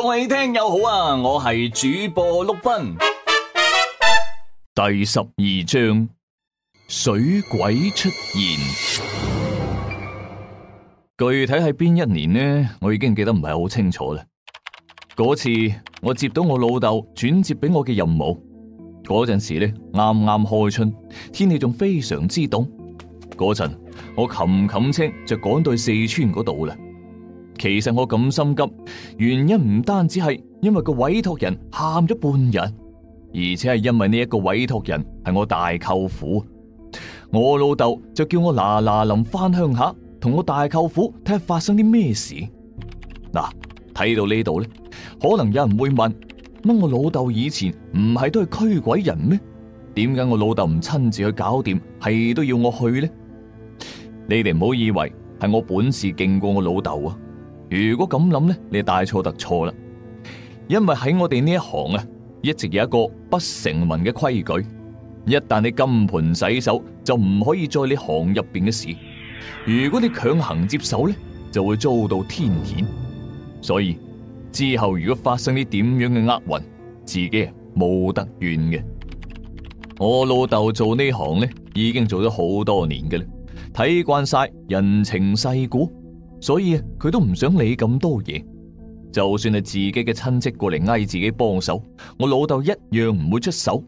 各位聽友好啊，我係主播碌斌。第十二章，水鬼出現。具體係邊一年呢？我已經記得唔係好清楚啦。嗰次我接到我老豆轉接俾我嘅任務，嗰陣時呢，啱啱開春，天氣仲非常之凍。嗰陣我冚冚清，就趕到四川嗰度啦。其實我咁心急，原因唔單止係因為個委託人喊咗半日，而且係因為呢一個委託人係我大舅父。我老豆就叫我嗱嗱臨翻鄉下，同我大舅父睇下發生啲咩事。嗱、啊，睇到呢度咧，可能有人會問：乜我老豆以前唔係都係驅鬼人咩？點解我老豆唔親自去搞掂，係都要我去呢？你哋唔好以為係我本事勁過我老豆啊！如果咁諗呢，你大錯特錯啦！因為喺我哋呢一行啊，一直有一個不成文嘅規矩，一旦你金盆洗手，就唔可以再呢行入邊嘅事。如果你強行接手呢，就會遭到天譴。所以之後如果發生啲點樣嘅厄運，自己啊冇得怨嘅。我老豆做呢行呢，已經做咗好多年嘅啦，睇慣晒人情世故。所以佢都唔想理咁多嘢，就算係自己嘅親戚過嚟嗌自己幫手，我老豆一樣唔會出手，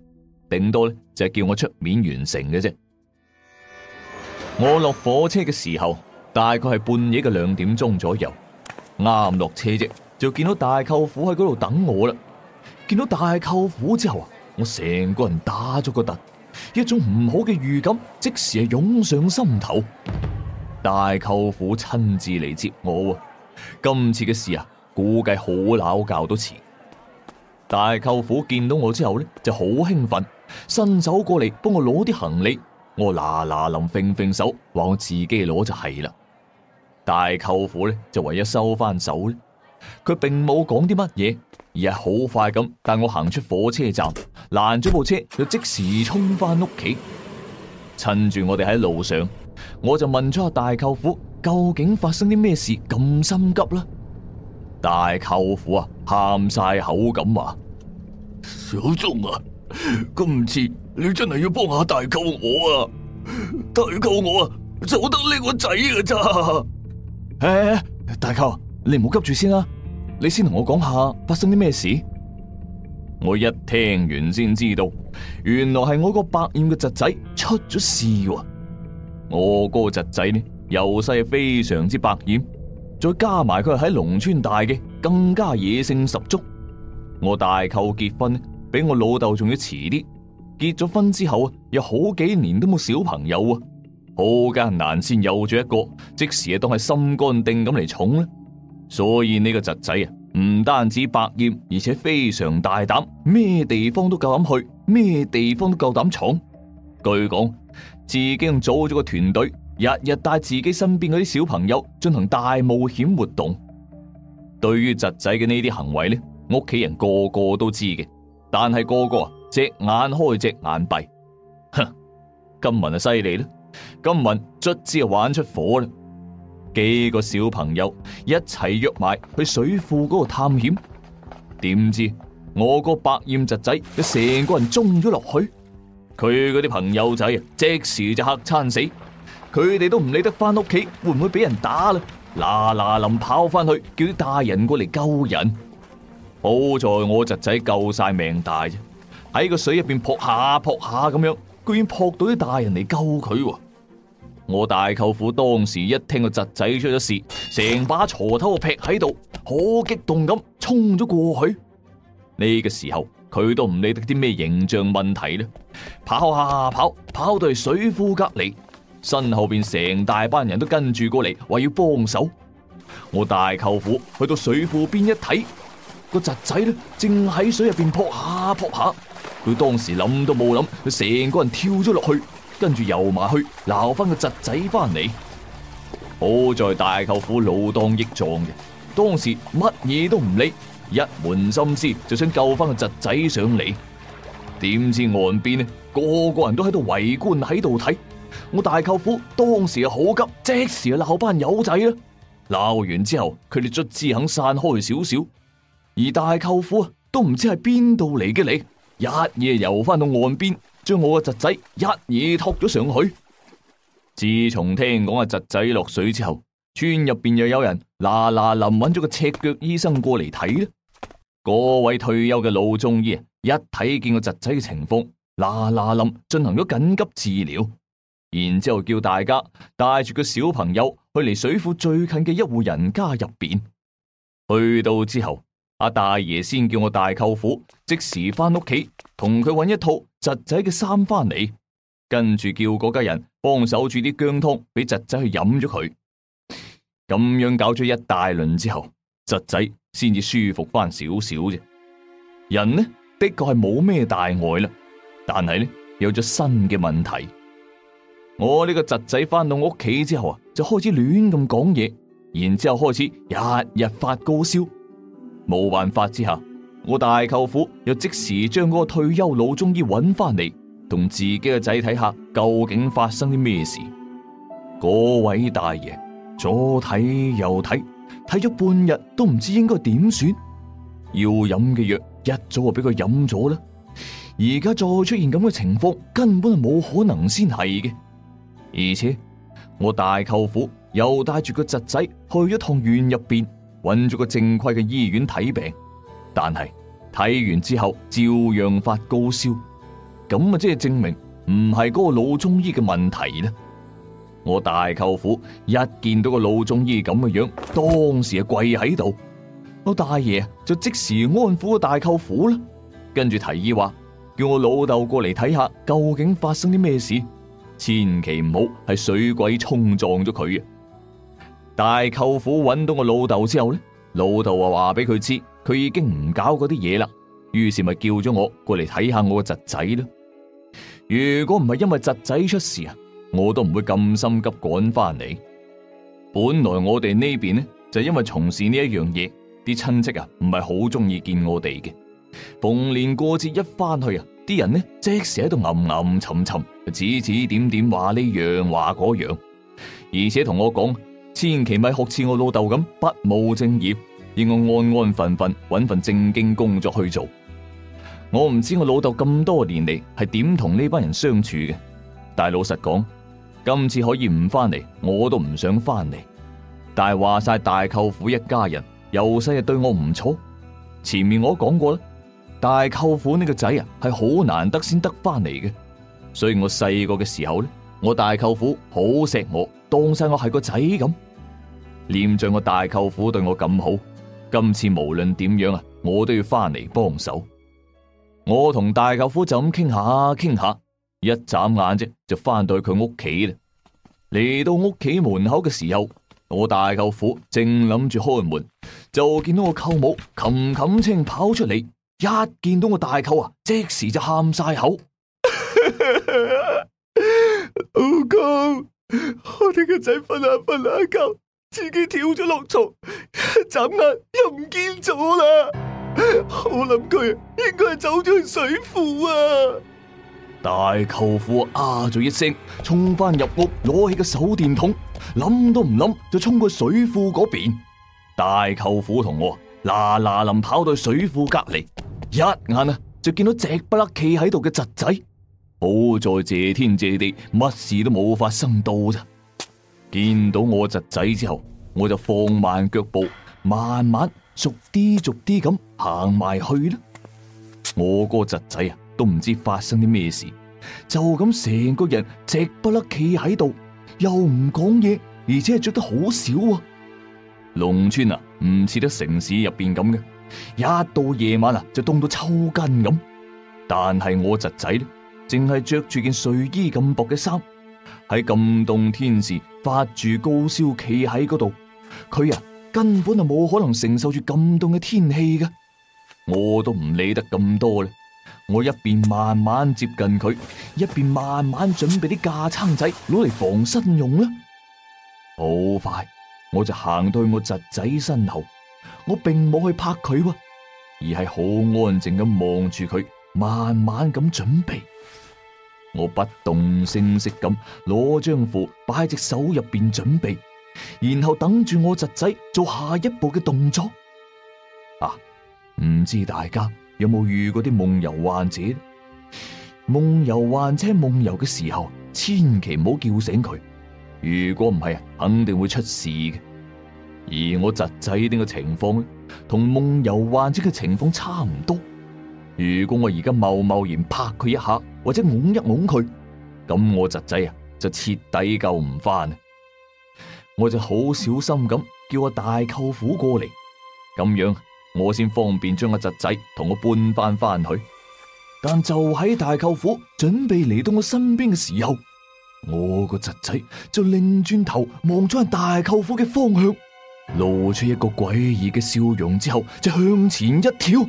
頂多咧就係叫我出面完成嘅啫。 我落火車嘅時候，大概係半夜嘅兩點鐘左右，啱落車啫，就見到大舅父喺嗰度等我啦。見到大舅父之後啊，我成個人打咗個突，一種唔好嘅預感即時係湧上心頭。大舅父親自嚟接我啊！今次嘅事啊，估計好拗教都遲。大舅父見到我之後呢，就好興奮，伸手過嚟幫我攞啲行李。我嗱嗱臨揈揈手，話我自己攞就係啦。大舅父呢，就唯有收翻手咧，佢並冇講啲乜嘢，而係好快咁帶我行出火車站，攔咗部車就即時衝翻屋企。趁住我哋喺路上。我就問咗阿大舅父，究竟發生啲咩事咁心急啦？大舅父啊，喊晒口咁話、啊：小鍾啊，今次你真係要幫下大舅我啊，大舅我啊，就得呢個仔㗎咋。誒，大舅，你唔好急住先啦、啊，你先同我講下發生啲咩事。 我一聽完先知道，原來係我個百厭嘅侄仔出咗事啊！我個侄仔呢，由細非常之百厭，再加埋佢係喺農村大嘅，更加野性十足。我大舅結婚比我老豆仲要遲啲，結咗婚之後啊，有好幾年都冇小朋友啊，好艱難先有咗一個，即時啊當係心肝定咁嚟寵啦。所以呢個侄仔啊，唔單止百厭，而且非常大膽，咩地方都夠膽去，咩地方都夠膽闖。據講。自己仲組咗個團隊，日日帶自己身邊嗰啲小朋友進行大冒險活動。對於侄仔嘅呢啲行為咧，屋企人個個都知嘅，但係個個啊，隻眼開隻眼閉。哼，金文啊犀利啦，金文卒之啊玩出火啦，幾個小朋友一齊約埋去水庫嗰度探險，點知我個百厭侄仔佢成個人中咗落去。佢嗰啲朋友仔啊，即時就嚇餐死，佢哋都唔理得翻屋企會唔會俾人打啦，嗱嗱臨跑翻去叫啲大人過嚟救人。好在我侄仔救晒命大啫，喺個水入邊撲下撲下咁樣，居然撲到啲大人嚟救佢。我大舅父當時一聽個侄仔出咗事，成把鋤頭劈喺度，好激動咁衝咗過去。呢個時候。佢都唔理得啲咩形象問題咧，跑下跑，跑到去水庫隔籬，身後邊成大班人都跟住過嚟，話要幫手。我大舅父去到水庫邊一睇，個侄仔咧正喺水入邊撲下撲下，佢當時諗都冇諗，佢成個人跳咗落去，跟住游埋去撈翻個侄仔翻嚟。好在大舅父老當益壯嘅，當時乜嘢都唔理。一門心思就想救翻個侄仔上嚟，點知岸邊呢個個人都喺度圍觀喺度睇。我大舅父當時啊好急，即時就鬧班友仔啦。鬧完之後，佢哋卒之肯散開少少。而大舅父都唔知喺邊度嚟嘅你一夜游翻到岸邊，將我個侄仔一夜托咗上去。自從聽講阿侄仔落水之後，村入邊又有人嗱嗱臨揾咗個赤腳醫生過嚟睇啦。嗰位退休嘅老中醫一睇見個侄仔嘅情況，嗱嗱冧，進行咗緊急治療，然之後叫大家帶住個小朋友去離水庫最近嘅一戶人家入邊。去到之後，阿大爺先叫我大舅父即時翻屋企同佢揾一套侄仔嘅衫翻嚟，跟住叫嗰家人幫手煮啲薑湯俾侄仔去飲咗佢。咁樣搞咗一大輪之後，侄仔先至舒服翻少少啫，人呢的確係冇咩大礙啦，但係呢有咗新嘅問題。我呢個侄仔翻到我屋企之後啊，就開始亂咁講嘢，然之後開始日日發高燒。冇辦法之下，我大舅父又即時將嗰個退休老中醫揾翻嚟，同自己嘅仔睇下究竟發生啲咩事。嗰位大爺左睇右睇，睇咗半日都唔知應該點算。要飲嘅藥一早就俾佢飲咗啦。而家再出現咁嘅情況，根本係冇可能先係嘅。而且我大舅父又帶住個侄仔去咗趟院入邊，揾咗個正規嘅醫院睇病，但係睇完之後照樣發高燒，咁啊，即係證明唔係嗰個老中醫嘅問題啦。我大舅父一見到個老中醫咁嘅樣，當時就跪喺度。我大爺就即時安撫個大舅父啦，跟住提議話，叫我老豆過嚟睇下究竟發生啲咩事，千祈唔好係水鬼沖撞咗佢啊！大舅父揾到我老豆之後呢，老豆啊話俾佢知，佢已經唔搞嗰啲嘢啦，於是咪叫咗我過嚟睇下我個侄仔囉。如果唔係因為侄仔出事啊！我都唔會咁心急趕翻嚟。本來我哋呢邊呢就因為從事呢一樣嘢，啲親戚啊唔係好中意見我哋嘅。逢年過節一翻去啊，啲人呢即時喺度暗暗沉沉、指指點點，話呢樣話嗰樣，而且同我講，千祈咪學似我老豆咁不務正業，要我安安分分搵份正經工作去做。我唔知我老豆咁多年嚟係點同呢班人相處嘅，但係老實講。今次可以唔翻嚟，我都唔想翻嚟。但係話晒大舅父一家人，由細日對我唔錯。前面我講過啦，大舅父呢個仔啊係好難得先得翻嚟嘅。所以我細個嘅時候咧，我大舅父好錫我，當晒我係個仔咁。念着我大舅父對我咁好，今次無論點樣啊，我都要翻嚟幫手。我同大舅父就咁傾下，傾下。一眨眼啫，就翻到去佢屋企啦。嚟到屋企門口嘅時候，我大舅父正諗住開門，就見到我舅母琴琴清跑出嚟，一見到我大舅啊，即時就喊晒口： 老公，我哋個仔瞓下瞓下覺，自己跳咗落床，一眨眼又唔見咗啦。我諗佢應該係走咗去水庫啊！大舅父啊，咗一聲衝翻入屋，攞起個手電筒，諗都唔諗就衝去水庫嗰邊。大舅父同我嗱嗱臨跑到水庫隔籬，一眼啊就見到只不甩企喺度嘅侄仔。好在謝天謝地，乜事都冇發生到咋。見到我侄仔之後，我就放慢腳步，慢慢逐啲逐啲咁行埋去啦。我個侄仔啊。都唔知發生啲咩事，就咁成個人直不甩企喺度，又唔講嘢，而且係着得好少啊！農村啊，唔似得城市入邊咁嘅，一到夜晚啊就凍到抽筋咁。但係我侄仔咧，淨係着住件睡衣咁薄嘅衫，喺咁凍天時發住高燒企喺嗰度，佢啊根本就冇可能承受住咁凍嘅天氣噶。我都唔理得咁多啦。我一邊慢慢接近佢，一邊慢慢準備啲架撐仔攞嚟防身用啦。好快，我就行到去我侄仔身後，我並冇去拍佢，而係好安靜咁望住佢，慢慢咁準備。我不動聲色咁攞張符擺喺隻手入邊準備，然後等住我侄仔做下一步嘅動作。啊，唔知大家。有冇遇過啲夢遊患者？夢遊患者夢遊嘅時候，千祈唔好叫醒佢。如果唔係啊，肯定會出事嘅。而我侄仔呢個情況同夢遊患者嘅情況差唔多。如果我而家貿貿然拍佢一下，或者懵一懵佢，咁我侄仔啊就徹底救唔翻。我就好小心咁叫我大舅父過嚟，咁樣。我先方便將個侄仔同我搬翻翻去，但就喺大舅父準備嚟到我身邊嘅時候，我個侄仔就擰轉頭望咗吓大舅父嘅方向，露出一個詭異嘅笑容之後，就向前一跳。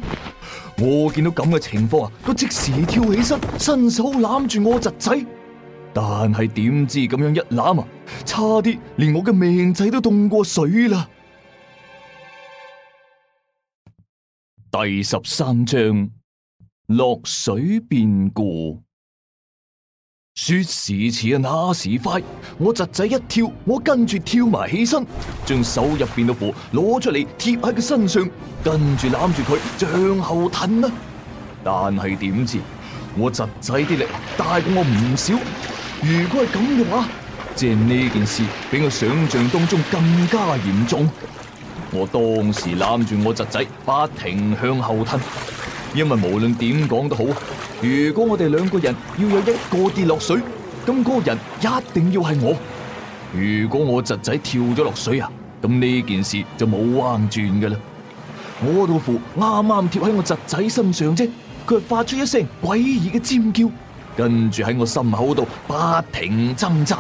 我見到咁嘅情況啊，都即時跳起身，伸手攬住我侄仔，但係點知咁樣一攬啊，差啲連我嘅命仔都凍過水啦！第十三章落水變故。說時遲啊，那時快！我侄仔一跳，我跟住跳埋起身，將手入邊嘅符攞出嚟貼喺佢身上，跟住攬住佢向後褪啦、啊。但係點知我侄仔啲力大過我唔少，如果係咁嘅話啊，即係呢件事比我想象當中更加嚴重。我當時攬住我侄仔，不停向後褪，因為無論點講都好，如果我哋兩個人要有一個跌落水，咁嗰個人一定要係我。如果我侄仔跳咗落水啊，咁呢件事就冇彎轉㗎喇。我條符啱啱貼喺我侄仔身上啫，佢發出一聲詭異嘅尖叫，跟住喺我心口度不停掙扎。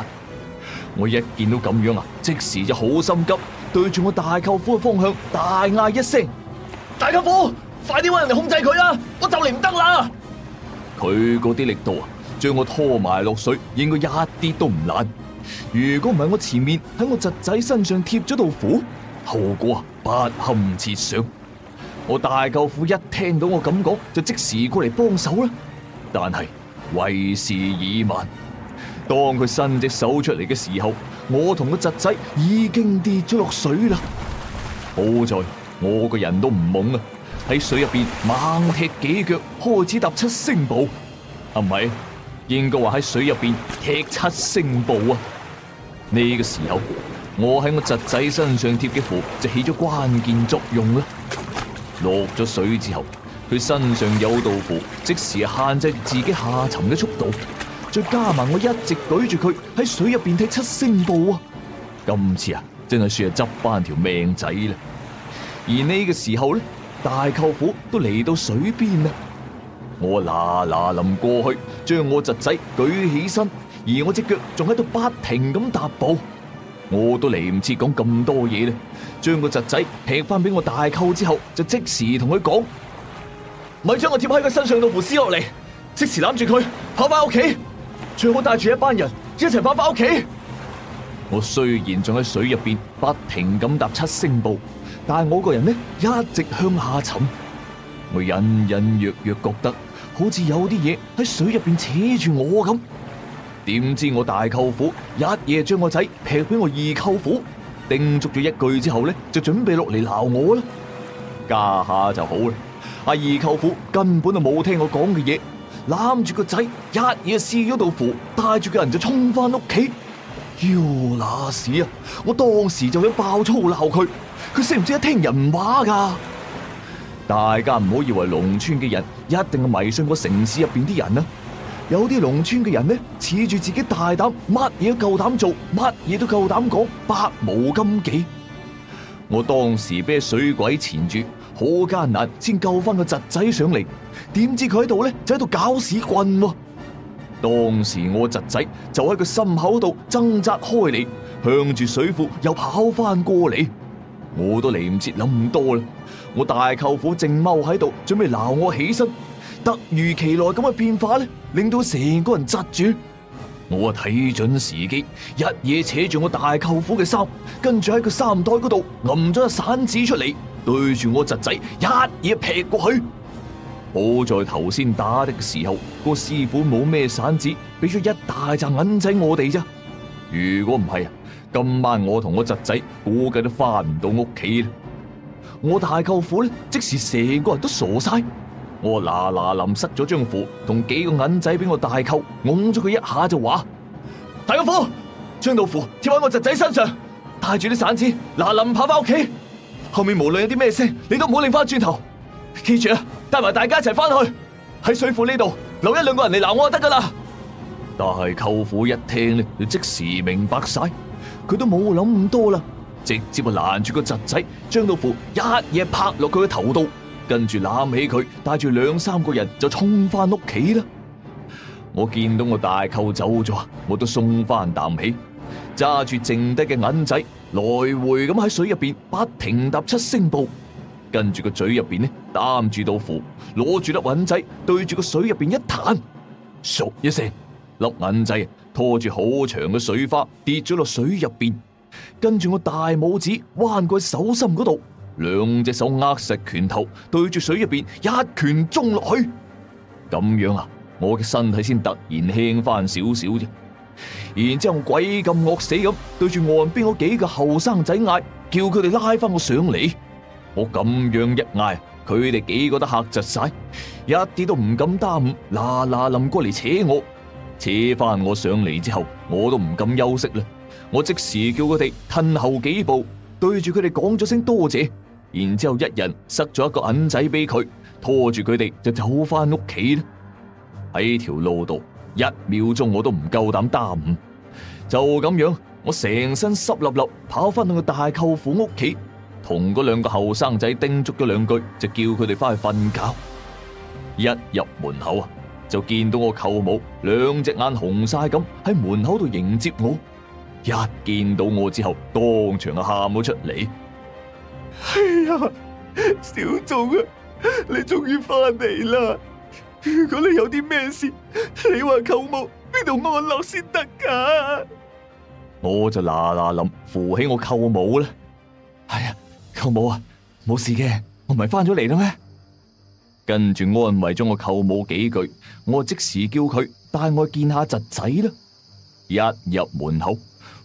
我一見到咁樣啊，即時就好心急。對住我大舅父嘅方向大嗌一聲：大舅父，快啲搵人嚟控制佢啦！我就嚟唔得啦！佢嗰啲力度啊，將我拖埋落水，應該一啲都唔難。如果唔係我前面喺我侄仔身上貼咗道符，後果啊不堪設想。我大舅父一聽到我咁講，就即時過嚟幫手啦。但係為時已晚，當佢伸隻手出嚟嘅時候。我同個侄仔已經跌咗落水啦，好在我個人都唔懵啊，喺水入邊猛踢幾腳，開始踏七星步，係咪？應該話喺水入邊踢七星步啊！呢個時候，我喺我侄仔身上貼嘅符就起咗關鍵作用啦。落咗水之後，佢身上有道符，即時限制住自己下沉嘅速度。再加埋我一直舉住佢喺水入邊踢七星步啊！今次啊，真係算係執翻條命仔啦。而呢個時候咧，大舅父都嚟到水邊啦。我嗱嗱淋過去，將我侄仔舉起身，而我隻腳仲喺度不停咁踏步。我都嚟唔切講咁多嘢啦。將個侄仔踢翻俾我大舅之後，就即時同佢講：咪將我貼喺佢身上度符撕落嚟，即時攬住佢跑翻屋企。最好帶住一班人一齊翻返屋企。我雖然仲喺水入邊不停咁踏七星步，但係我個人呢，一直向下沉。我隱隱約約覺得好似有啲嘢喺水入邊扯住我咁。點知我大舅父一夜將我仔劈俾我二舅父，叮囑咗一句之後呢，就準備落嚟鬧我啦。家下就好啦，阿二舅父根本就冇聽我講嘅嘢。攬住個仔，一嘢撕咗道符，帶住個人就衝翻屋企。妖那屎啊！我當時就想爆粗鬧佢，佢識唔識一聽人話㗎？大家唔好以為農村嘅人一定係迷信過城市入邊啲人啊！有啲農村嘅人呢，恃住自己大膽，乜嘢都夠膽做，乜嘢都夠膽講，百無禁忌。我當時俾水鬼纏住，好艱難先救翻個侄仔上嚟。點知佢喺度咧，就喺度搞屎棍喎、啊！當時我侄仔就喺佢心口度掙扎開嚟，向住水庫又跑翻過嚟，我都嚟唔切諗咁多啦。我大舅父正踎喺度準備鬧我起身，突如其來咁嘅變化咧，令到成個人窒住。我啊睇準時機，一嘢扯住我大舅父嘅衫，跟住喺個衫袋嗰度揞咗個散紙出嚟，對住我侄仔一嘢劈過去。好在頭先打的嘅時候，個師傅冇咩散紙，俾咗一大紮銀仔我哋咋。如果唔係啊，今晚我同我侄仔估計都翻唔到屋企啦。我大舅父咧即時成個人都傻晒，我嗱嗱淋塞咗張符，同幾個銀仔俾我大舅，㧬咗佢一下就話：大舅父，張道符貼喺我侄仔身上，帶住啲散紙，嗱淋跑翻屋企。後面無論有啲咩聲，你都唔好擰翻轉頭，記住啊！帶埋大家一齊翻去，喺水庫呢度留一兩個人嚟，鬧我就得噶啦。但係舅父一聽咧，就即時明白晒，佢都冇諗咁多啦，直接就攔住個侄仔，將道符一嘢拍落佢嘅頭度，跟住攬起佢，帶住兩三個人就沖翻屋企啦。我見到我大舅走咗，我都鬆翻啖氣，揸住剩低嘅銀仔，來回咁喺水入邊不停踏七星步。跟住個嘴入邊呢，擔住道符，攞住粒銀仔，對住個水入邊一彈，嗖一聲，粒銀仔拖住好長嘅水花跌咗落水入邊。跟住我大拇指彎過手心嗰度，兩隻手握實拳頭，對住水入邊一拳中落去。咁樣啊，我嘅身體先突然輕翻少少啫。然之後鬼咁惡死咁，對住岸邊嗰幾個後生仔嗌，叫佢哋拉翻我上嚟。我咁樣一嗌，佢哋幾個都嚇窒晒，一啲都唔敢耽誤，嗱嗱冧過嚟扯我，扯翻我上嚟之後，我都唔敢休息啦。我即時叫佢哋褪後幾步，對住佢哋講咗聲多謝，然之後一人塞咗一個銀仔俾佢，拖住佢哋就走翻屋企啦。喺條路度，一秒鐘我都唔夠膽耽誤，就咁樣，我成身濕立立跑翻去個大舅父屋企。.同嗰兩個後生仔叮囑咗兩句，就叫佢哋翻去瞓覺。一入門口啊，就見到我舅母兩隻眼紅晒咁喺門口度迎接我。一見到我之後，當場就喊咗出嚟：哎呀，小祖啊，你終於翻嚟啦！如果你有啲咩事，你話舅母邊度安樂先得噶。我就嗱嗱淋扶起我舅母啦。係、哎、啊。舅母啊，冇事嘅，我唔係翻咗嚟啦咩？跟住安慰咗我舅母幾句，我即時叫佢帶我去見下侄仔啦。一入門口，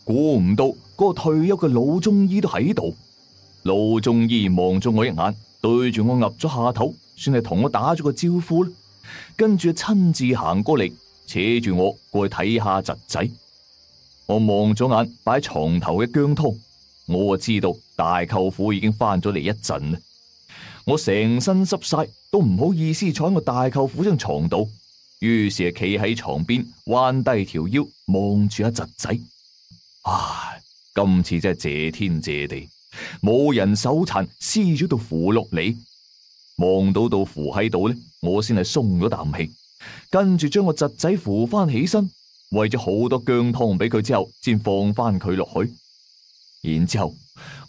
估唔到嗰個退休嘅老中醫都喺度。老中醫望咗我一眼，對住我岌咗下頭，算係同我打咗個招呼啦。跟住親自行過嚟，扯住我過去睇下侄仔。我望咗眼擺喺床頭嘅薑湯。我啊，知道大舅父已經翻咗嚟一陣啦，我成身濕晒，都唔好意思坐喺我大舅父張床度，於是啊，企喺床邊彎低條腰望住阿侄仔。唉，今次真係謝天謝地，冇人手殘撕咗道符落嚟，望到道符喺度呢，我先係鬆咗啖氣，跟住將我侄仔扶翻起身，餵咗好多薑湯俾佢之後，先放翻佢落去。然之後，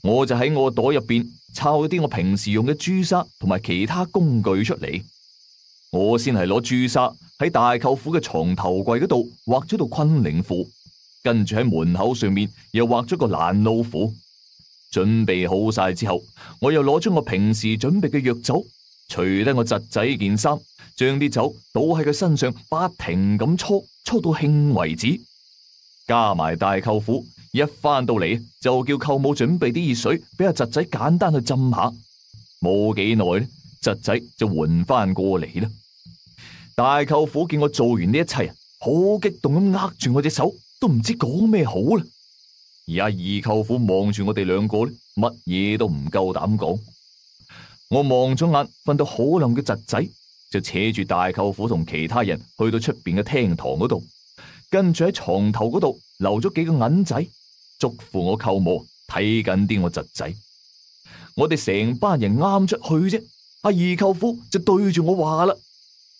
我就喺我袋入邊抄啲我平時用嘅朱砂同埋其他工具出嚟。我先係攞朱砂喺大舅父嘅床頭櫃嗰度畫咗道昆靈符，跟住喺門口上面又畫咗個攔老虎。準備好晒之後，我又攞咗我平時準備嘅藥酒，除低我侄仔件衫，將啲酒倒喺佢身上，不停咁搓，搓到興為止，加埋大舅父，一翻到嚟就叫舅母準備啲熱水，俾阿侄仔簡單去浸下。冇幾耐咧，侄仔就換翻過嚟啦。大舅父見我做完呢一切啊，好激動咁握住我隻手，都唔知講咩好啦。而阿二舅父望住我哋兩個咧，乜嘢都唔夠膽講。我望咗眼瞓到好冧嘅侄仔，就扯住大舅父同其他人去到出邊嘅廳堂嗰度，跟住喺床頭嗰度留咗幾個銀仔，囑咐我舅母睇緊啲我侄仔。我哋成班人啱出去啫。阿二舅父就對住我話啦：，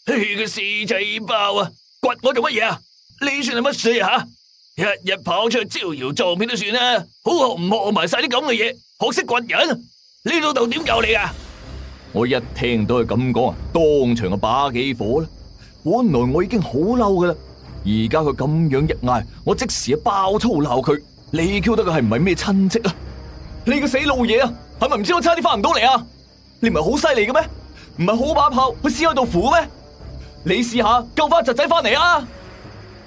嘿、嘿，個死仔包啊，掘我做乜嘢啊？你算係乜水吓，啊？日日跑出去招搖撞騙都算啦，好學唔學埋晒啲咁嘅嘢？學識掘人？你老豆點教你啊？我一聽到佢咁講啊，當場就把幾火啦。本來我已經好嬲噶啦。而家佢咁樣一嗌，我即時啊爆粗鬧佢。你叫得佢係唔係咩親戚啊？你個死老嘢啊，係咪唔知我差啲翻唔到嚟啊？你唔係好犀利嘅咩？唔係好把炮去撕開道符咩？你試下救翻侄仔翻嚟啊！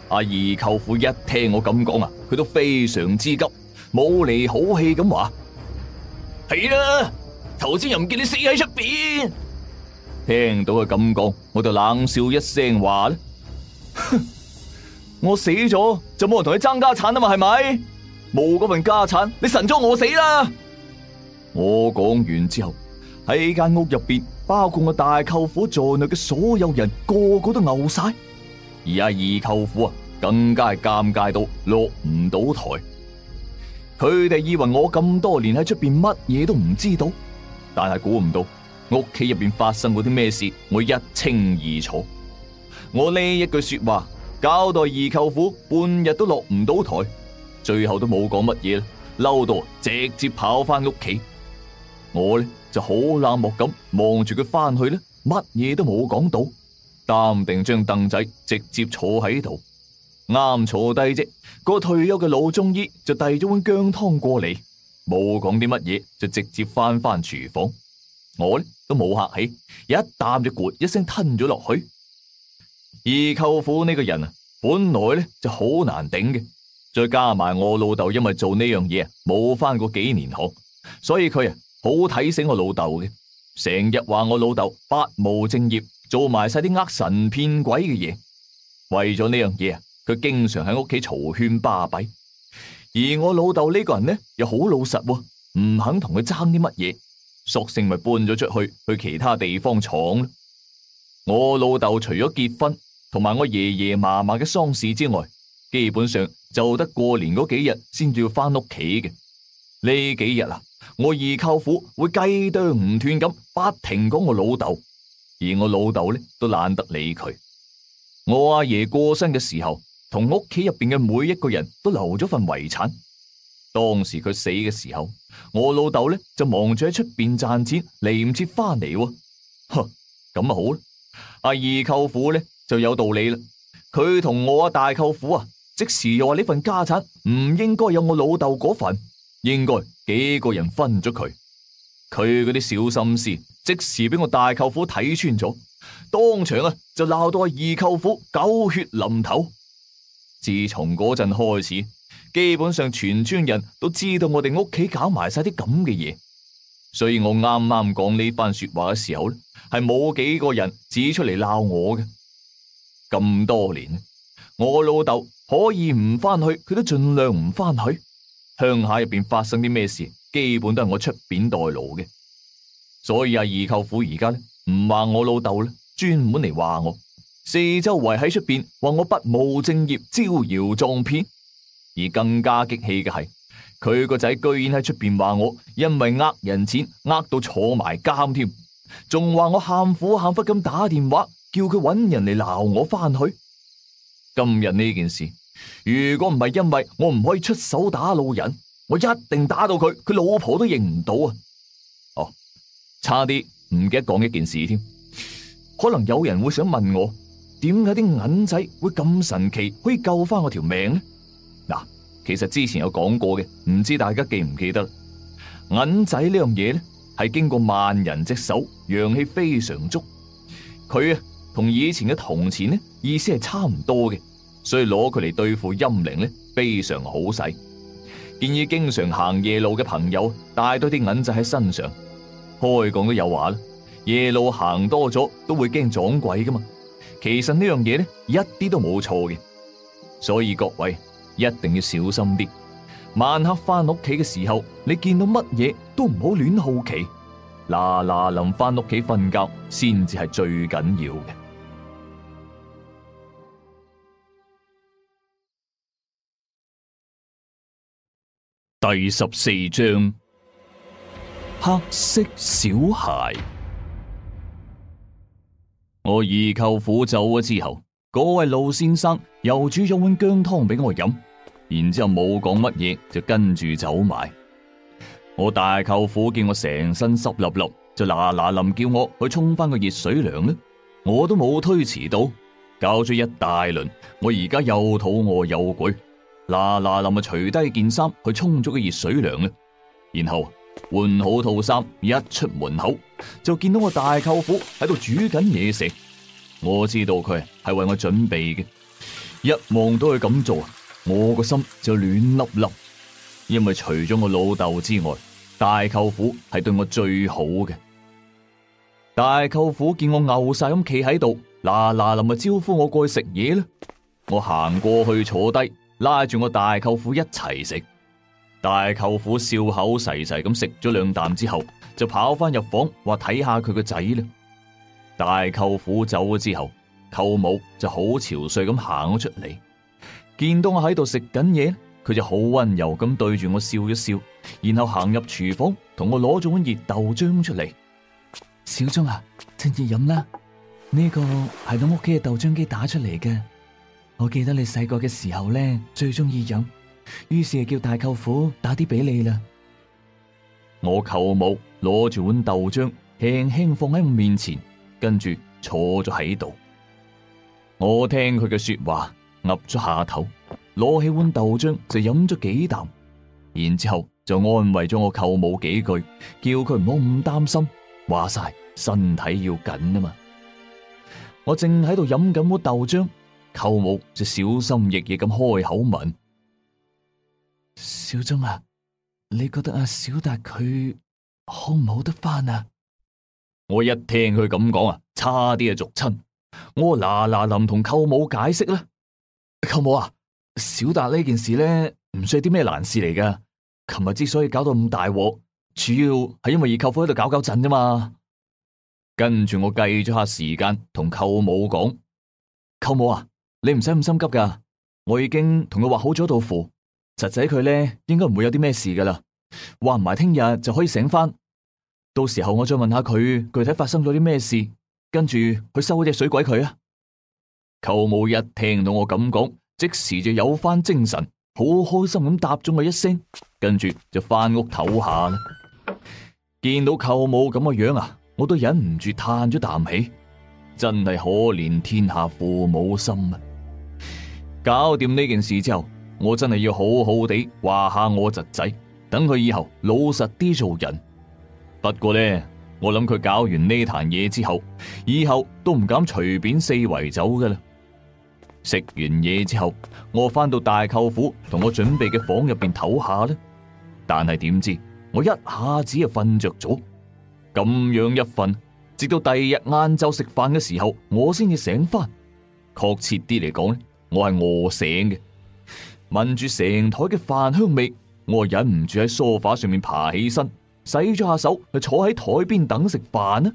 阿二舅父一聽我咁講啊，佢都非常之急，冇嚟好氣咁話：係啦、啊，頭先又唔見你死喺出邊。聽到佢咁講，我就冷笑一聲話：，哼。 我死咗就冇人同你爭家產啊嘛，係咪？冇嗰份家產，你神咗我死啦！我講完之後，喺間屋入邊，包括我大舅父在內嘅所有人個個都嬲晒，而阿二舅父啊，更加係尷尬到落唔到台。佢哋以為我咁多年喺出邊乜嘢都唔知道，但係估唔到屋企入邊發生過啲咩事，我一清二楚。我呢一句說話。交代二舅父半日都落唔到台，最後都冇講乜嘢？啦，嬲到直接跑翻屋企。我咧就好冷漠咁望住佢翻去咧，乜嘢都冇講到，擔定張凳仔直接坐喺度，啱坐低啫。個退休嘅老中醫就遞咗碗薑湯過嚟，冇講啲乜嘢，就直接翻翻廚房。我咧都冇客氣，一啖就咕一聲吞咗落去。二舅父呢個人啊，本來咧就好難頂嘅，再加埋我老豆因為做呢樣嘢冇返過幾年學，所以佢啊好睇醒我老豆嘅，成日話我老豆不務正業，做埋晒啲呃神騙鬼嘅嘢。為咗呢樣嘢啊，佢經常喺屋企嘈喧巴閉。而我老豆呢個人呢，又好老實，唔肯同佢爭啲乜嘢，索性咪搬咗出去去其他地方闖。我老豆除咗結婚。同埋我爺爺嫲嫲嘅喪事之外，基本上就得過年嗰幾日先至要翻屋企嘅。呢幾日啊，我二舅父會雞啄唔斷咁，不停講我老豆，而我老豆咧都懶得理佢。我阿爺過身嘅時候，同屋企入邊嘅每一個人都留咗份遺產。當時佢死嘅時候，我老豆咧就忙住喺出邊賺錢，嚟唔切翻嚟。呵，咁啊好啦，阿二舅父咧。就有道理啦。佢同我阿大舅父啊，即時又話呢份家產唔應該有我老豆嗰份，應該幾個人分咗佢。佢嗰啲小心思即時俾我大舅父睇穿咗，當場啊就鬧到阿二舅父狗血淋頭。自從嗰陣開始，基本上全村人都知道我哋屋企搞埋晒啲咁嘅嘢，所以我啱啱講呢番說話嘅時候咧，係冇幾個人指出嚟鬧我嘅。咁多年，我老豆可以唔翻去，佢都盡量唔翻去。鄉下入邊發生啲咩事，基本都係我出面代勞嘅。所以阿二舅父而家咧唔話我老豆啦，專門嚟話我，四周圍喺出邊話我不務正業、招搖撞騙。而更加激氣嘅係，佢個仔居然喺出邊話我，因為呃人錢呃到坐埋監添，仲話我喊苦喊忽咁打電話。叫佢揾人嚟鬧我翻去。今日呢件事，如果唔係因為我唔可以出手打老人，我一定打到佢，佢老婆都認唔到啊！哦，差啲唔記得講一件事添，可能有人會想問我，點解啲銀仔會咁神奇，可以救翻我條命呢？嗱，其實之前有講過嘅，唔知大家記唔記得？銀仔呢樣嘢呢，係經過萬人隻手，陽氣非常足，佢啊。同以前嘅銅錢呢，意思係差唔多嘅，所以攞佢嚟對付陰靈呢，非常好使。建議經常行夜路嘅朋友帶多啲銀仔喺身上。開講都有話啦，夜路行多咗都會驚撞鬼㗎嘛。其實呢樣嘢呢，一啲都冇錯嘅，所以各位一定要小心啲。晚黑翻屋企嘅時候，你見到乜嘢都唔好亂好奇，嗱嗱臨翻屋企瞓覺先至係最緊要嘅。第十四章：黑色小孩。我二舅父走咗之後，嗰位老先生又煮咗碗姜湯俾我飲，然之後冇講乜嘢就跟住走埋。我大舅父見我成身濕笠笠，就嗱嗱臨叫我去沖翻個熱水涼呢。我都冇推遲到，搞咗一大輪。我而家又肚餓又攰。嗱嗱林啊，除低件衫去沖足啲熱水涼啦，然後換好套衫，一出門口就見到個大舅父喺度煮緊嘢食。我知道佢係為我準備嘅，一望到佢咁做，我個心就亂粒粒，因為除咗我老豆之外，大舅父係對我最好嘅。大舅父見我牛晒咁企喺度，嗱嗱林啊，招呼我過去食嘢啦。我行過去坐低。拉住我大舅父一齊食，大舅父笑口噬噬咁食咗兩啖之後，就跑翻入房話睇下佢個仔啦。大舅父走咗之後，舅母就好憔悴咁行咗出嚟，見到我喺度食緊嘢，佢就好溫柔咁對住我笑一笑，然後行入廚房同我攞咗碗熱豆漿出嚟。小張啊，趁熱飲啦，呢、這個係我屋企嘅豆漿機打出嚟嘅。我記得你細個嘅時候咧，最中意飲，於是叫大舅父打啲俾你啦。我舅母攞住碗豆漿，輕輕放喺我面前，跟住坐咗喺度。我聽佢嘅說話，岌咗下頭，攞起碗豆漿就飲咗幾啖，然之後就安慰咗我舅母幾句，叫佢唔好咁擔心，話晒身體要緊啊嘛。我正喺度飲緊碗豆漿。舅母就小心翼翼咁開口問：小鍾啊，你覺得阿小達佢好唔好得翻啊？我一聽佢咁講啊，差啲就逐親。我嗱嗱臨同舅母解釋啦：舅母啊，小達呢件事呢，唔算係啲咩難事嚟噶。琴日之所以搞到咁大鑊，主要係因為二舅父喺度搞搞震啫嘛。跟住我計咗下時間，同舅母講：舅母啊。你唔使咁心急噶，我已經同佢畫好咗道符，侄仔佢咧應該唔會有啲咩事噶啦。話唔埋，聽日就可以醒翻，到時候我再問下佢具體發生咗啲咩事，跟住去收嗰隻水鬼佢啊。舅母一聽到我咁講，即時就有翻精神，好開心咁答咗我一聲，跟住就翻屋唞下啦。見到舅母咁嘅樣啊，我都忍唔住嘆咗啖氣，真係可憐天下父母心啊！搞掂呢件事之後，我真係要好好地話下我侄仔，等佢以後老實啲做人。不過呢，我諗佢搞完呢壇嘢之後，以後都唔敢隨便四圍走嘅啦。食完嘢之後，我翻到大舅父同我準備嘅房入邊唞下呢。但係點知我一下子就瞓着咗，咁樣一瞓，直到第二日晏晝食飯嘅時候，我先至醒翻。確切啲嚟講咧。我係餓醒嘅，聞住成台嘅飯香味，我又忍唔住喺梳化上面爬起身，洗咗下手，係坐喺台邊等食飯啦。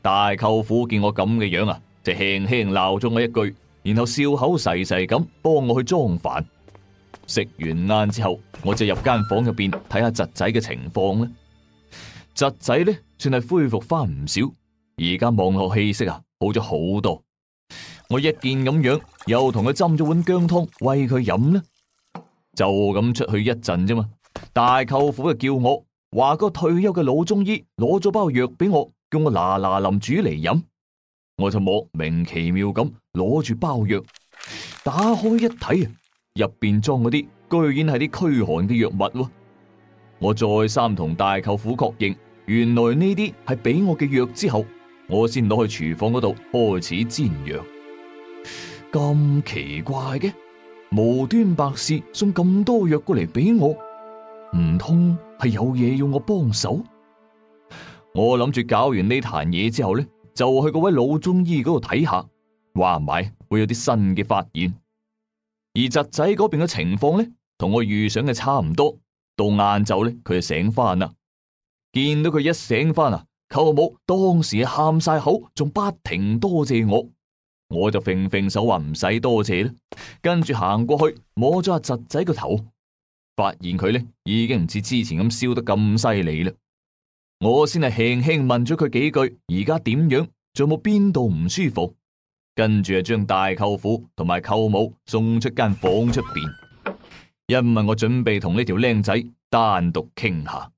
大舅父見我咁嘅樣啊，就輕輕鬧咗我一句，然後笑口噬噬咁幫我去裝飯。食完晏之後，我就入間房入邊睇下侄仔嘅情況啦。侄仔咧，算係恢復翻唔少，而家望落氣息啊，好咗好多。我一見咁樣，又同佢斟咗碗薑湯餵佢飲呢，就咁出去一陣啫嘛。大舅父就叫我話個退休嘅老中醫攞咗包藥俾我，叫我嗱嗱淋煮嚟飲，我就莫名其妙咁攞住包藥打開一睇啊，入邊裝嗰啲居然係啲驅寒嘅藥物咯。我再三同大舅父確認，原來呢啲係俾我嘅藥之後，我先攞去廚房嗰度開始煎藥。咁奇怪嘅，無端白事送咁多藥過嚟俾我，唔通係有嘢要我幫手？我諗住搞完呢壇嘢之後咧，就去嗰位老中醫嗰度睇下，話唔定會有啲新嘅發現。而侄仔嗰邊嘅情況咧，同我預想嘅差唔多。到晏晝咧，佢就醒翻啦，見到佢一醒翻啊，舅母當時喊晒口，仲不停多謝我。我就揈揈手話唔使多謝啦，跟住行過去摸咗阿侄仔個頭，發現佢咧已經唔似之前咁燒得咁犀利啦。我先係輕輕問咗佢幾句，而家點樣？仲有冇邊度唔舒服？跟住啊，將大舅父同埋舅母送出間房出邊，因為我準備同呢條靚仔單獨傾下。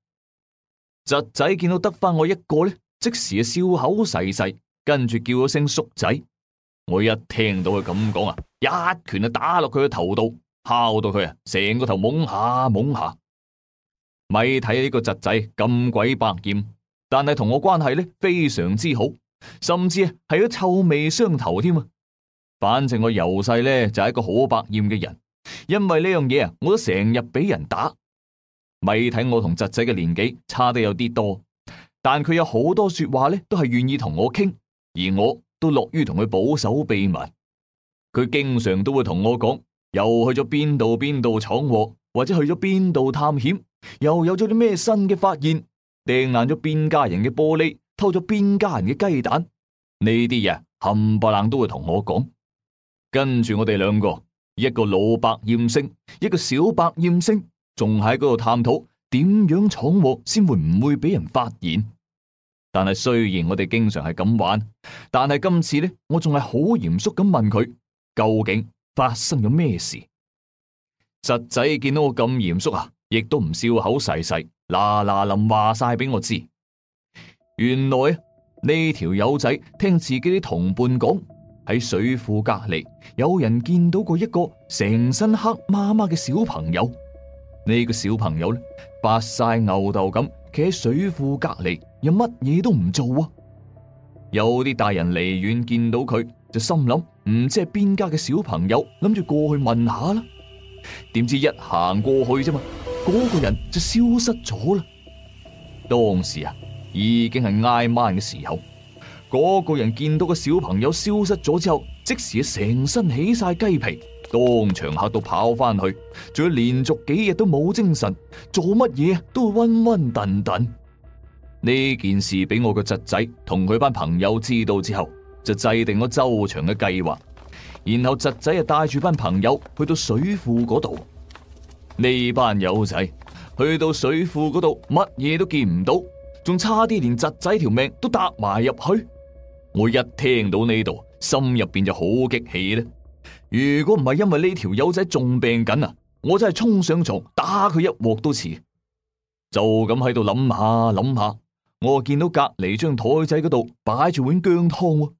侄仔見到得翻我一個咧，即時啊笑口細細，跟住叫咗聲叔仔。我一聽到佢咁講啊，一拳就打落佢個頭度，敲到佢啊，成個頭懵下懵下。咪睇呢個侄仔咁鬼百厭，但係同我關係咧非常之好，甚至係佢臭味相投添啊。反正我由細咧就係一個好百厭嘅人，因為呢樣嘢啊，我都成日俾人打。咪睇我同侄仔嘅年紀差得有啲多，但佢有好多說話咧，都係願意同我傾，而我。都樂於同佢保守秘密，佢經常都會同我講，又去咗邊度邊度闖禍，或者去咗邊度探險，又有咗啲咩新嘅發現，掟爛咗邊家人嘅玻璃，偷咗邊家人嘅雞蛋，呢啲嘢冚唪唥都會同我講。跟住我哋兩個，一個老白艷星，一個小白艷星，仲喺嗰度探討點樣闖禍先會唔會俾人發現。但係雖然我哋經常係咁玩，但係今次咧，我仲係好嚴肅咁問佢究竟發生咗咩事。姪仔見到我咁嚴肅啊，亦都唔笑口細細嗱嗱臨，話晒俾我知。原來呢條友仔聽自己啲同伴講喺水庫隔離有人見到過一個成身黑麻麻嘅小朋友。呢、這個小朋友咧白晒牛豆咁企喺水庫隔離。有乜嘢都唔做啊！有啲大人離遠見到佢，就心諗唔知係邊家嘅小朋友，諗住過去問下啦。點知一行過去啫嘛，嗰個人就消失咗啦。當時啊，已經係挨晚嘅時候，嗰個人見到個小朋友消失咗之後，即時啊，成身起晒雞皮，當場嚇到跑翻去，仲要連續幾日都冇精神，做乜嘢都會瘟瘟沌沌。呢件事俾我個侄仔同佢班朋友知道之後，就制定咗周長嘅計劃，然後侄仔啊帶住班朋友去到水庫嗰度。呢班友仔去到水庫嗰度，乜嘢都見唔到，仲差啲連侄仔條命都搭埋入去。我一聽到呢度，心入邊就好激氣咧。如果唔係因為呢條友仔仲病緊啊，我真係衝上床打佢一鑊都遲。就咁喺度諗下諗下。想想我見到隔籬張台仔嗰度擺住碗薑湯啊，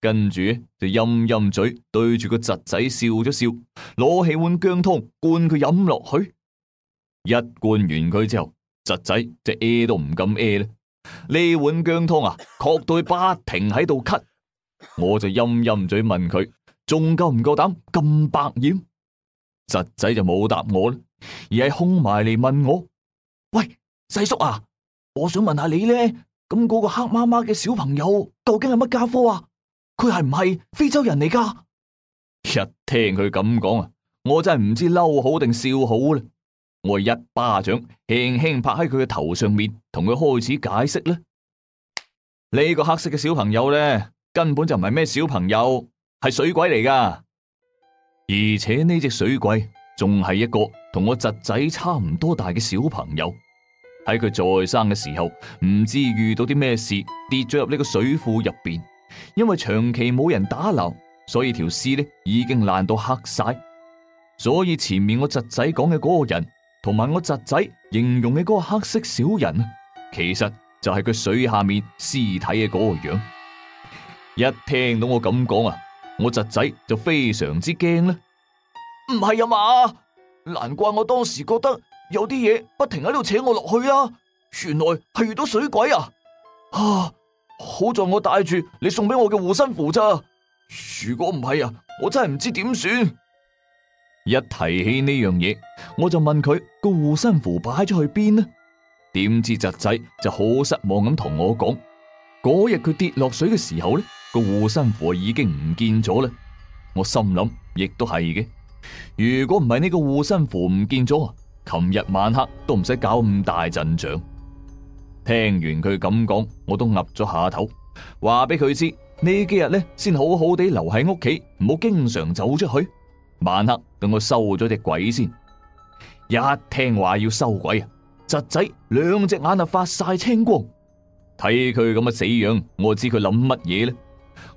跟住就陰陰嘴對住個侄仔笑咗笑，攞起碗薑湯灌佢飲落去。一灌完佢之後，侄仔就阿都唔敢阿啦。呢碗薑湯啊，確對不停喺度咳。我就陰陰嘴問佢：仲夠唔夠膽咁百厭？侄仔就冇答我啦，而係空埋嚟問我：喂，細叔啊！我想問下你咧，咁嗰個黑媽媽嘅小朋友究竟係乜家伙啊？佢係唔係非洲人嚟噶？一聽佢咁講啊，我真係唔知嬲好定笑好啦！我一巴掌輕輕拍喺佢嘅頭上面，同佢開始解釋咧。呢個黑色嘅小朋友咧，根本就唔係咩小朋友，係水鬼嚟噶。而且呢隻水鬼仲係一個同我侄仔差唔多大嘅小朋友。喺佢在生嘅時候，唔知遇到啲咩事，跌咗入呢個水庫入邊。因為長期冇人打撈，所以條屍呢已經爛到黑晒。所以前面我侄仔講嘅嗰個人，同埋我侄仔形容嘅嗰個黑色小人，其實就係佢水下面屍體嘅嗰個樣。一聽到我咁講啊，我侄仔就非常之驚啦。唔係啊嘛，難怪我當時覺得。有啲嘢不停喺度扯我落去啊！原來係遇到水鬼啊！啊！好在我帶住你送俾我嘅護身符咋？如果唔係啊，我真係唔知點算。一提起呢樣嘢，我就問佢個護身符擺咗去邊呢？點知侄仔就好失望咁同我講，嗰日佢跌落水嘅時候咧，個護身符已經唔見咗啦。我心諗亦都係嘅，如果唔係呢個護身符唔見咗啊！琴日晚黑都唔使搞咁大陣仗。聽完佢咁講，我都岌咗下頭，話俾佢知呢幾日咧，先好好地留喺屋企，唔好經常走出去。晚黑等我收咗隻鬼先。一聽話要收鬼啊！侄仔兩隻眼啊發晒青光，睇佢咁嘅死樣，我知佢諗乜嘢咧。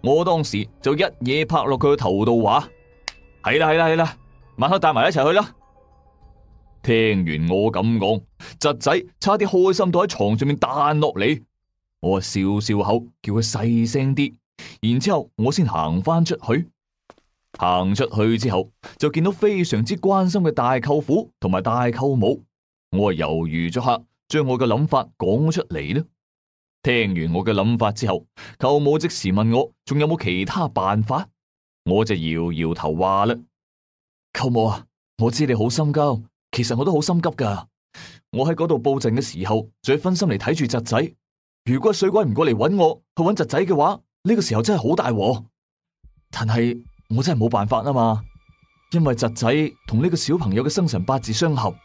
我當時就一嘢拍落佢個頭度話：係啦，係啦，係啦，晚黑帶埋一齊去啦。聽完我咁講，侄仔差啲開心到喺床上面彈落嚟。我笑笑口，叫佢細聲啲。然之後我先行翻出去，行出去之後就見到非常之關心嘅大舅父同埋大舅母。我猶豫咗下，將我嘅諗法講出嚟呢。聽完我嘅諗法之後，舅母即時問我仲有冇其他辦法。我就搖搖頭話啦，舅母啊，我知你好心急。」其實我都好心急噶，我喺嗰度布陣嘅時候，仲要分心嚟睇住侄仔。如果水鬼唔過嚟揾我去揾侄仔嘅話，呢個時候真係好大禍。但係我真係冇辦法啊嘛，因為侄仔同呢個小朋友嘅生辰八字相合。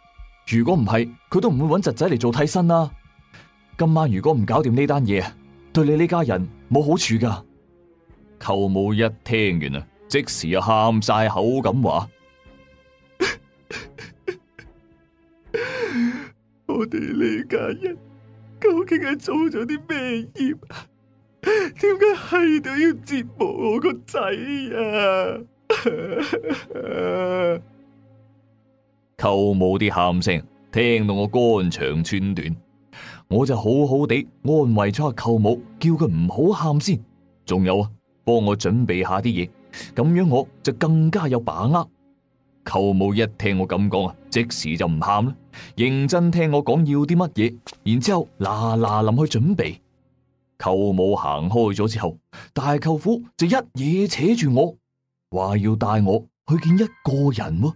如果唔係，佢都唔會揾侄仔嚟做替身啦，啊。今晚如果唔搞掂呢單嘢，對你呢家人冇好處噶。舅母一聽完啊，即時就喊晒口咁話。我哋呢家人究竟係做咗啲咩孽？點解係都要折磨我個仔啊？ 舅母啲喊聲聽到我肝腸寸斷，我就好好地安慰咗阿舅母，叫佢唔好喊先。仲有啊，幫我準備下啲嘢，咁樣我就更加有把握。舅母一聽我咁講啊，即時就唔喊啦，認真聽我講要啲乜嘢，然之後嗱嗱淋去準備。舅母行開咗之後，大舅父就一嘢扯住我，話要帶我去見一個人喎。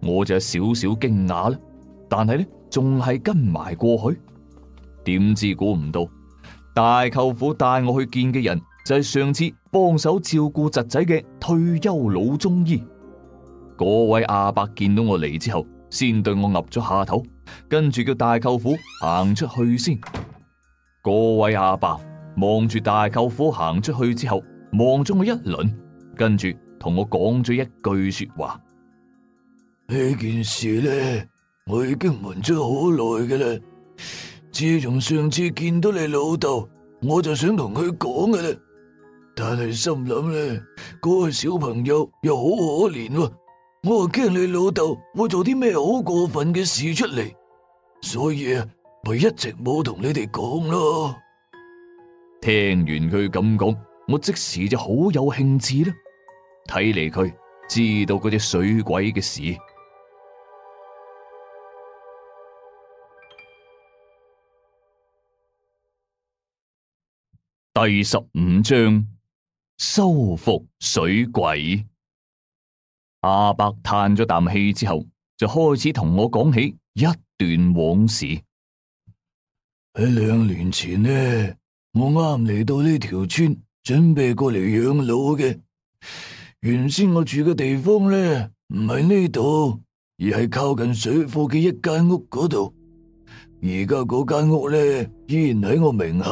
我就有少少驚訝啦，但係咧仲係跟埋過去。點知估唔到，大舅父帶我去見嘅人就係上次幫手照顧侄仔嘅退休老中醫。嗰位阿伯見到我嚟之後，先對我岌咗下頭，跟住叫大舅父行出去先。嗰位阿伯望住大舅父行出去之後，望咗我一輪，跟住同我講咗一句說話：呢件事咧，我已經瞞咗好耐嘅啦。自從上次見到你老豆，我就想同佢講嘅啦，但係心諗咧，嗰個小朋友又好可憐。我話驚你老豆會做啲咩好過分嘅事出嚟，所以咪、啊、一直冇同你哋講咯。聽完佢咁講，我即時就好有興致啦。睇嚟，佢知道嗰隻水鬼嘅事。第十五章：收復水鬼。阿伯嘆咗啖氣之後，就開始同我講起一段往事。喺兩年前呢，我啱嚟到呢條村，準備過嚟養老嘅。原先我住嘅地方呢，唔係呢度，而係靠近水庫嘅一間屋嗰度。而家嗰間屋呢，依然喺我名下，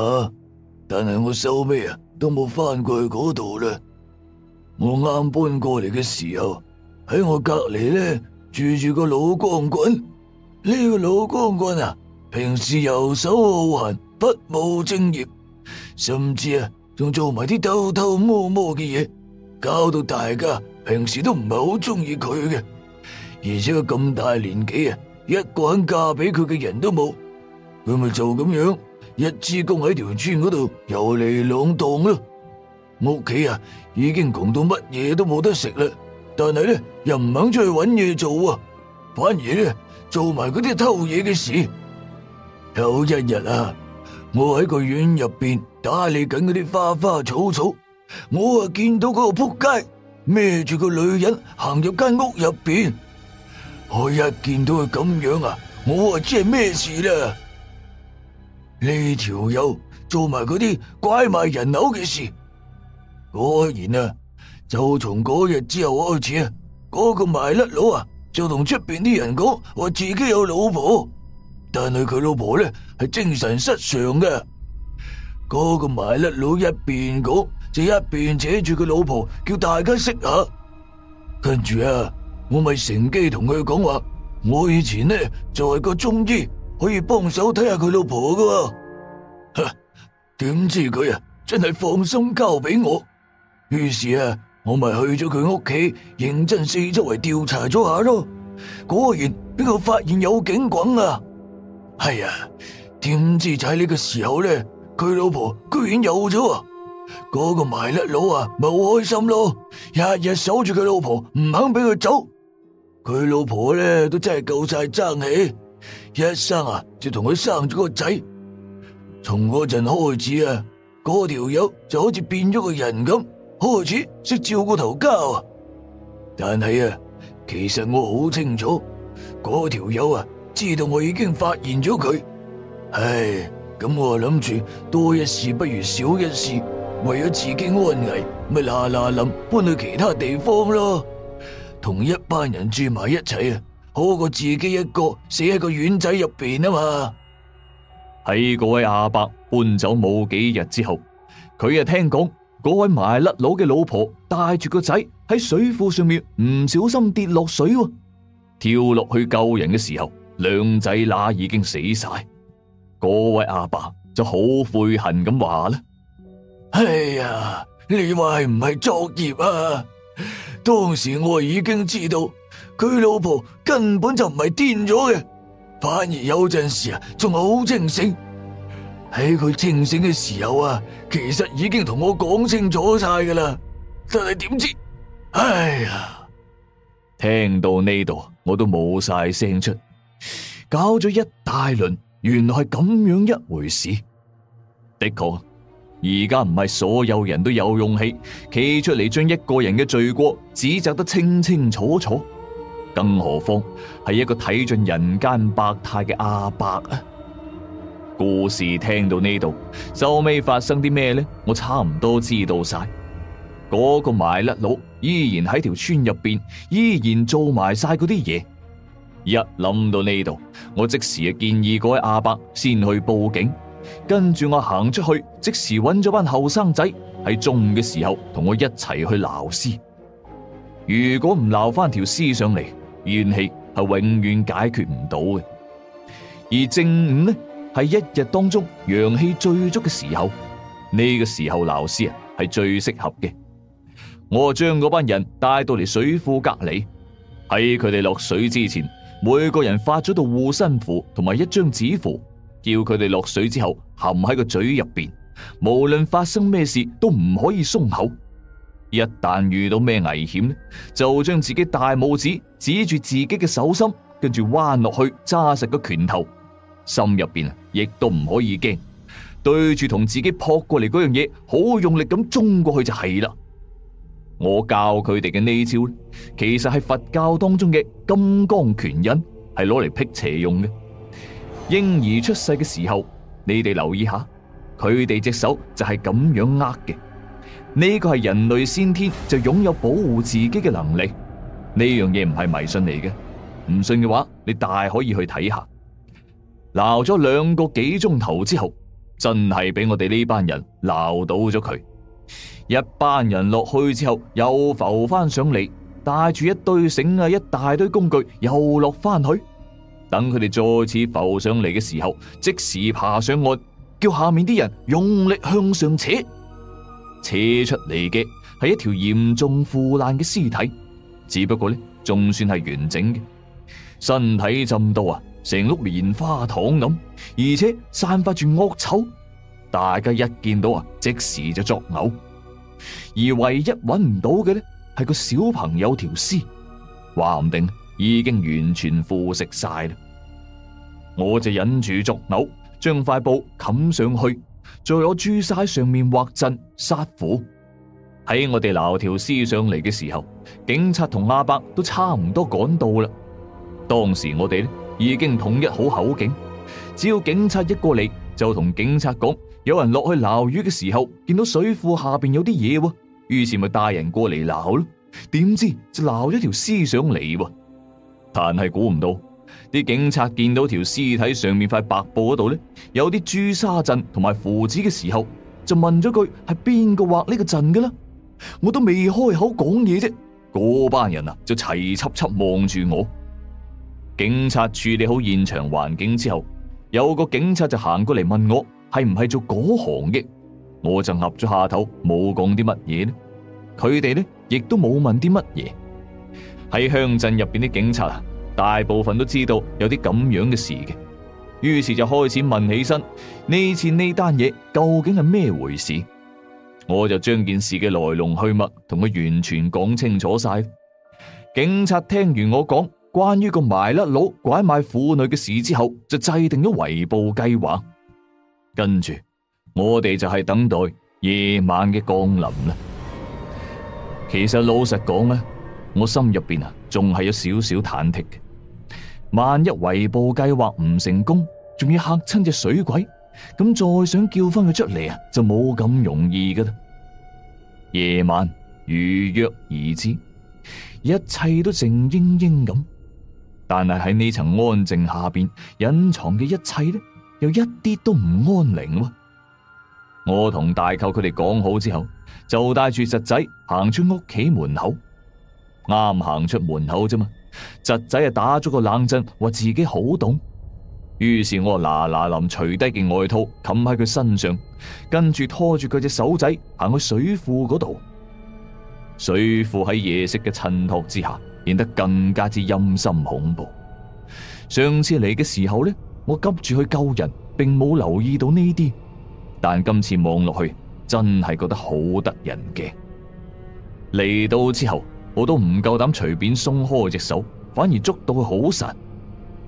但係我收尾啊，都冇翻過去嗰度啦。我啱搬過嚟嘅時候。喺我隔籬咧住住個老光棍，呢個老光棍啊，平時遊手好閒，不務正業，甚至啊仲做埋啲偷偷摸摸嘅嘢，搞到大家平時都唔係好中意佢嘅。而且佢咁大年紀啊，一個人嫁俾佢嘅人都冇，佢咪就咁樣，一支公喺條村嗰度遊嚟浪蕩咯。屋企啊已經窮到乜嘢都冇得食啦。但係咧，又唔肯出去搵嘢做啊，反而咧做埋嗰啲偷嘢嘅事。有一日啊，我喺個院入邊打理緊嗰啲花花草草，我啊見到嗰個仆街孭住個女人行入間屋入邊，我一見到佢咁樣啊，我啊知係咩事啦？呢條友做埋嗰啲拐賣人口嘅事，果然啊！就從嗰日之後開始啊，嗰個埋甩佬啊就同出邊啲人講話自己有老婆，但係佢老婆咧係精神失常嘅。嗰個埋甩佬一邊講就一邊扯住佢老婆叫大家識下，跟住啊，我咪乘機同佢講話，我以前呢就係個中醫，可以幫手睇下佢老婆噶。啊，點知佢啊真係放心交俾我，於是啊。我咪去咗佢屋企，認真四周圍調查咗下咯，果然邊個發現有警棍啊！係啊，點知就喺呢個時候咧，佢老婆居然有咗，嗰個埋甩佬啊，咪好開心咯，日日守住佢老婆，唔肯俾佢走。佢老婆咧都真係夠晒爭氣，一生啊就同佢生咗個仔，從嗰陣開始啊，嗰條友就好似變咗個人咁。開始識照顧頭家啊。但係啊，其實我好清楚嗰條友啊，那個、知道我已經發現咗佢。唉，咁我諗住多一事不如少一事，為咗自己安危，咪啦啦諗搬去其他地方咯。同一班人住埋一齊啊，好過自己一個死喺個院仔入邊啊嘛。喺嗰位阿伯搬走冇幾日之後，佢啊聽講。嗰位埋甩佬嘅老婆帶住個仔喺水庫上面唔小心跌落水，啊，跳落去救人嘅時候，兩仔乸已經死晒。嗰位阿伯就好悔恨咁話啦：哎呀，你話唔係作業啊！當時我已經知道佢老婆根本就唔係癲咗嘅，反而有陣時啊仲好清醒。喺佢清醒嘅時候啊，其實已經同我講清楚晒噶啦，但係點知，哎呀，聽到呢度我都冇晒聲出，搞咗一大輪，原來係咁樣一回事。的確，而家唔係所有人都有勇氣企出嚟將一個人嘅罪過指責得清清楚楚，更何況係一個睇盡人間百態嘅阿伯啊！故事聽到呢度，收尾發生啲咩咧？我差唔多知道晒。嗰個埋甩佬依然喺條村入邊，依然做埋晒嗰啲嘢。一諗到呢度，我即時啊建議嗰位阿伯先去報警，跟住我行出去，即時揾咗班後生仔喺中午嘅時候同我一齊去鬧屍。如果唔鬧翻條屍上嚟，怨氣係永遠解決唔到嘅。而正午呢？係一日當中陽氣最足嘅時候，呢、這個時候撈屍係最適合嘅。我將嗰班人帶到嚟水庫隔離，喺佢哋落水之前，每個人發咗道護身符同埋一張紙符，叫佢哋落水之後含喺個嘴入邊，無論發生咩事都唔可以鬆口。一旦遇到咩危險呢，就將自己大拇指指住自己嘅手心，跟住彎落去揸實個拳頭。心入邊啊，亦都唔可以驚，對住同自己撲過嚟嗰樣嘢，好用力咁衝過去就係啦。我教佢哋嘅呢招，其實係佛教當中嘅金剛拳印，係攞嚟辟邪用嘅。嬰兒出世嘅時候，你哋留意下，佢哋隻手就係咁樣握嘅。呢個係人類先天就擁有保護自己嘅能力。呢樣嘢唔係迷信嚟嘅，唔信嘅話，你大可以去睇下。撈咗兩個幾鐘頭之後，真係俾我哋呢班人撈到咗佢。一班人落去之後，又浮翻上嚟，帶住一堆繩啊，一大堆工具，又落翻去。等佢哋再次浮上嚟嘅時候，即時爬上岸，叫下面啲人用力向上扯。扯出嚟嘅係一條嚴重腐爛嘅屍體，只不過呢，仲算係完整嘅身體，浸到啊。成碌棉花糖咁，而且散發住惡臭，大家一見到啊，即時就作嘔。而唯一揾唔到嘅呢，係個小朋友條屍，話唔定已經完全腐蝕晒啦。我就忍住作嘔，將塊布冚上去，再攞朱砂喺上面畫陣殺虎。喺我哋撈條屍上嚟嘅時候，警察同阿伯都差唔多趕到啦。當時我哋呢。已經統一好口徑，只要警察一過嚟，就同警察講有人落去撈魚嘅時候，見到水庫下邊有啲嘢，於是咪帶人過嚟撈咯。點知就撈咗條屍上嚟，但係估唔到啲警察見到條屍體上面塊白布嗰度咧，有啲朱砂陣同埋符紙嘅時候，就問咗句係邊個畫呢個陣嘅啦。我都未開口講嘢啫，嗰班人啊就齊輯輯望住我。警察處理好現場環境之後，有個警察就行過嚟，問我係唔係做嗰行嘅，我就岌咗下頭，冇講啲乜嘢咧。佢哋呢亦都冇問啲乜嘢。喺鄉鎮入邊啲警察啊，大部分都知道有啲咁樣嘅事嘅，於是就開始問起身呢次呢單嘢究竟係咩回事。我就將件事嘅來龍去脈同佢完全講清楚晒。警察聽完我講。關於個埋甩佬拐賣婦女嘅事之後，就制定咗圍捕計劃。跟住我哋就係等待夜晚嘅降臨啦。其實老實講啊，我心入邊啊，仲係有少少忐忑嘅。萬一圍捕計劃唔成功，仲要吓親隻水鬼，咁再想叫返佢出嚟啊，就冇咁容易㗎啦。夜晚如約而至，一切都靜英英咁，但係喺呢層安靜下邊隱藏嘅一切呢，又一啲都唔安寧啊。我同大舅佢哋講好之後，就帶住侄仔行出屋企門口。啱行出門口啫嘛，侄仔啊打咗個冷震，話自己好凍。於是我嗱嗱臨除低件外套，冚喺佢身上，跟住拖住佢隻手仔行去水庫嗰度。水庫喺夜色嘅襯托之下。變得更加之陰森恐怖。上次嚟嘅時候呢，我急住去救人，並冇留意到呢啲。但今次望落去，真係覺得好得人驚。嚟到之後，我都唔夠膽隨便鬆開隻手，反而捉到佢好實。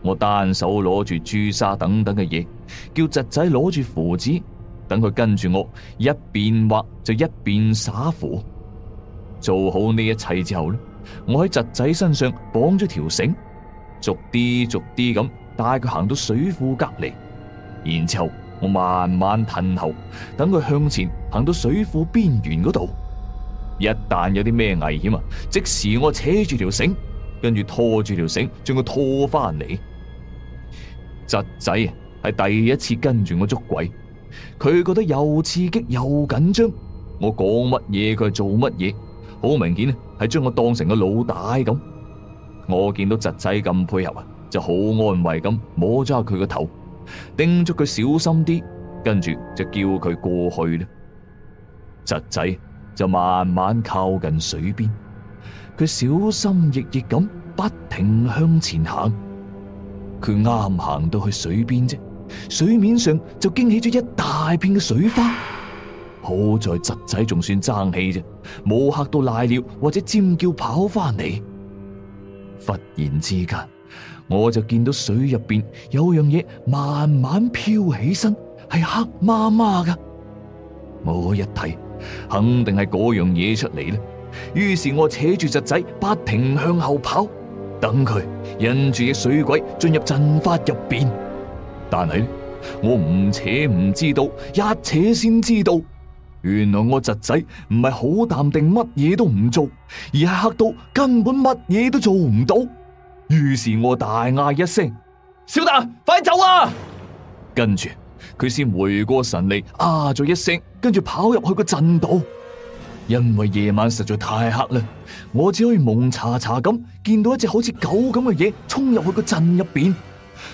我單手攞住朱砂等等嘅嘢，叫侄仔攞住符子，等佢跟住我，一邊畫就一邊灑符。做好呢一切之後咧。我喺侄仔身上綁咗條繩，逐啲逐啲咁帶佢行到水庫隔離，然之後我慢慢褪後，等佢向前行到水庫邊緣嗰度。一旦有啲咩危險啊，即時我扯住條繩，跟住拖住條繩，將佢拖翻嚟。侄仔係第一次跟住我捉鬼，佢覺得又刺激又緊張。我講乜嘢，佢係做乜嘢。好明顯咧，係將我當成個老大咁。我見到侄仔咁配合啊，就好安慰咁摸咗下佢個頭，叮囑佢小心啲，跟住就叫佢過去啦。侄仔就慢慢靠近水邊，佢小心翼翼咁不停向前行。佢啱行到去水邊啫，水面上就驚起咗一大片嘅水花。好在侄仔仲算爭氣啫，冇吓到瀨尿，或者尖叫跑翻嚟。忽然之間，我就見到水入邊有樣嘢慢慢飄起身，係黑麻麻噶。我一睇，肯定係嗰樣嘢出嚟啦。於是我扯住侄仔不停向後跑，等佢引住隻水鬼進入陣法入邊。但係呢，我唔扯唔知道，一扯先知道。原來我侄仔唔係好淡定，乜嘢都唔做，而係吓到根本乜嘢都做唔到。於是我大嗌一聲：小達，快走啊！跟住佢先回過神嚟，啊咗一聲，跟住跑入去個陣度。因為夜晚實在太黑啦，我只可以蒙查查咁見到一隻好似狗咁嘅嘢，衝入去個陣入邊。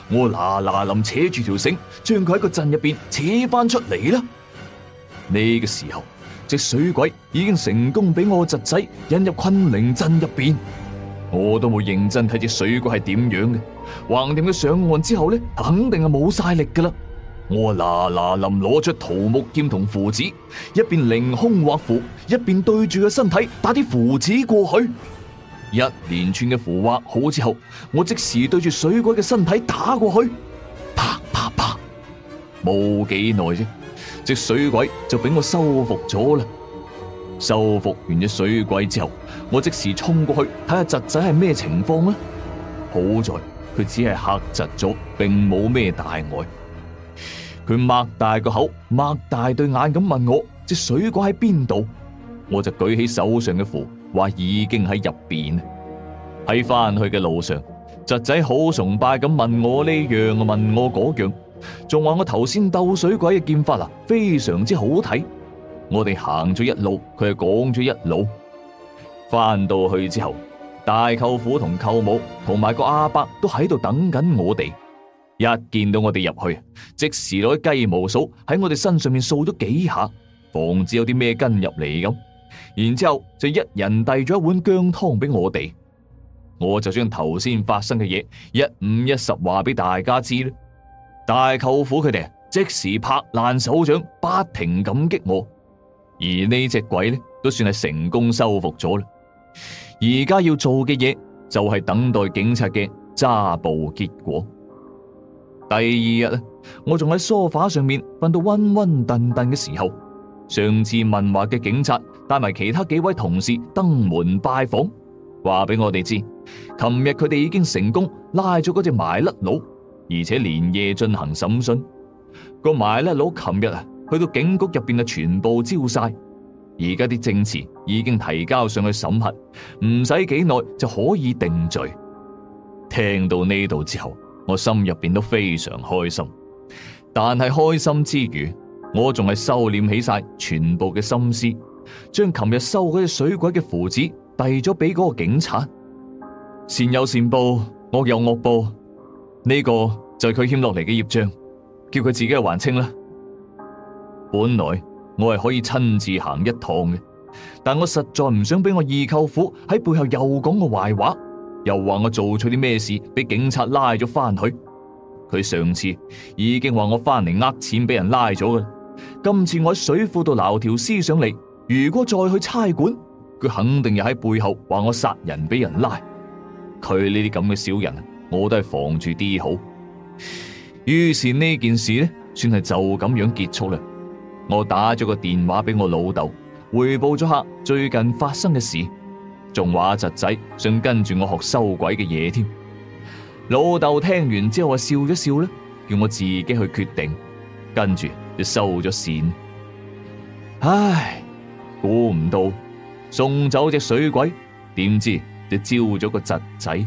我嗱嗱臨扯住條繩，將佢喺個陣入邊扯翻出嚟啦。呢個時候，隻水鬼已經成功俾我侄仔引入昆陵鎮入邊。我都冇認真睇隻水鬼係點樣嘅，橫掂佢上岸之後咧，肯定係冇晒力噶啦。我嗱嗱臨攞出桃木劍同符紙，一邊凌空畫符，一邊對住個身體打啲符紙過去。一連串嘅符畫好之後，我即時對住水鬼嘅身體打過去，啪啪啪，冇幾耐啫。隻水鬼就俾我收服咗啦！收服完隻水鬼之後，我即時衝過去睇下侄仔係咩情況啦。好在佢只係吓窒咗，並冇咩大礙。佢擘大個口、擘大對眼咁問我：隻水鬼喺邊度？我就舉起手上嘅符，話已經喺入邊啦。喺翻去嘅路上，侄仔好崇拜咁問我呢樣，問我嗰樣。仲話我頭先鬥水鬼嘅劍法啊，非常之好睇。我哋行咗一路，佢係講咗一路。翻到去之後，大舅父同舅母同埋個阿伯都喺度等緊我哋。一見到我哋入去，即時攞雞毛掃喺我哋身上面掃咗幾下，防止有啲咩跟入嚟咁。然之後就一人遞咗一碗薑湯俾我哋。我就將頭先發生嘅嘢一五一十話俾大家知啦。大舅父佢哋即時拍爛手掌，不停感激我。而呢隻鬼咧，都算係成功收服咗啦。而家要做嘅嘢，就係等待警察嘅揸捕結果。第二日咧，我仲喺梳化上面瞓到瘟瘟沌沌嘅時候，上次問話嘅警察帶埋其他幾位同事登門拜訪，話俾我哋知，琴日佢哋已經成功拉咗嗰隻埋甩佬。而且連夜進行審訊，嗰個埋咧攞琴日啊去到警局入邊啊全部招晒，而家啲證詞已經提交上去審核，唔使幾耐就可以定罪。聽到呢度之後，我心入邊都非常開心，但係開心之餘，我仲係收斂起晒全部嘅心思，將琴日收嗰隻水鬼嘅符紙遞咗俾嗰個警察。善有善報，惡有惡報。呢個就係佢欠落嚟嘅業障，叫佢自己去還清啦。本來我係可以親自行一趟嘅，但我實在唔想俾我二舅父喺背後又講我壞話，又話我做錯啲咩事，俾警察拉咗翻去。佢上次已經話我翻嚟呃錢俾人拉咗嘅，今次我喺水庫度撈條屍上嚟，如果再去差館，佢肯定又喺背後話我殺人俾人拉。佢呢啲咁嘅小人。我都係防住啲好，於是呢件事呢，算係就咁樣結束啦。我打咗個電話俾我老豆，匯報咗下最近發生嘅事，仲話侄仔想跟住我學收鬼嘅嘢添。老豆聽完之後笑咗笑咧，叫我自己去決定。跟住就收咗線。唉，估唔到送走隻水鬼，點知就招咗個侄仔。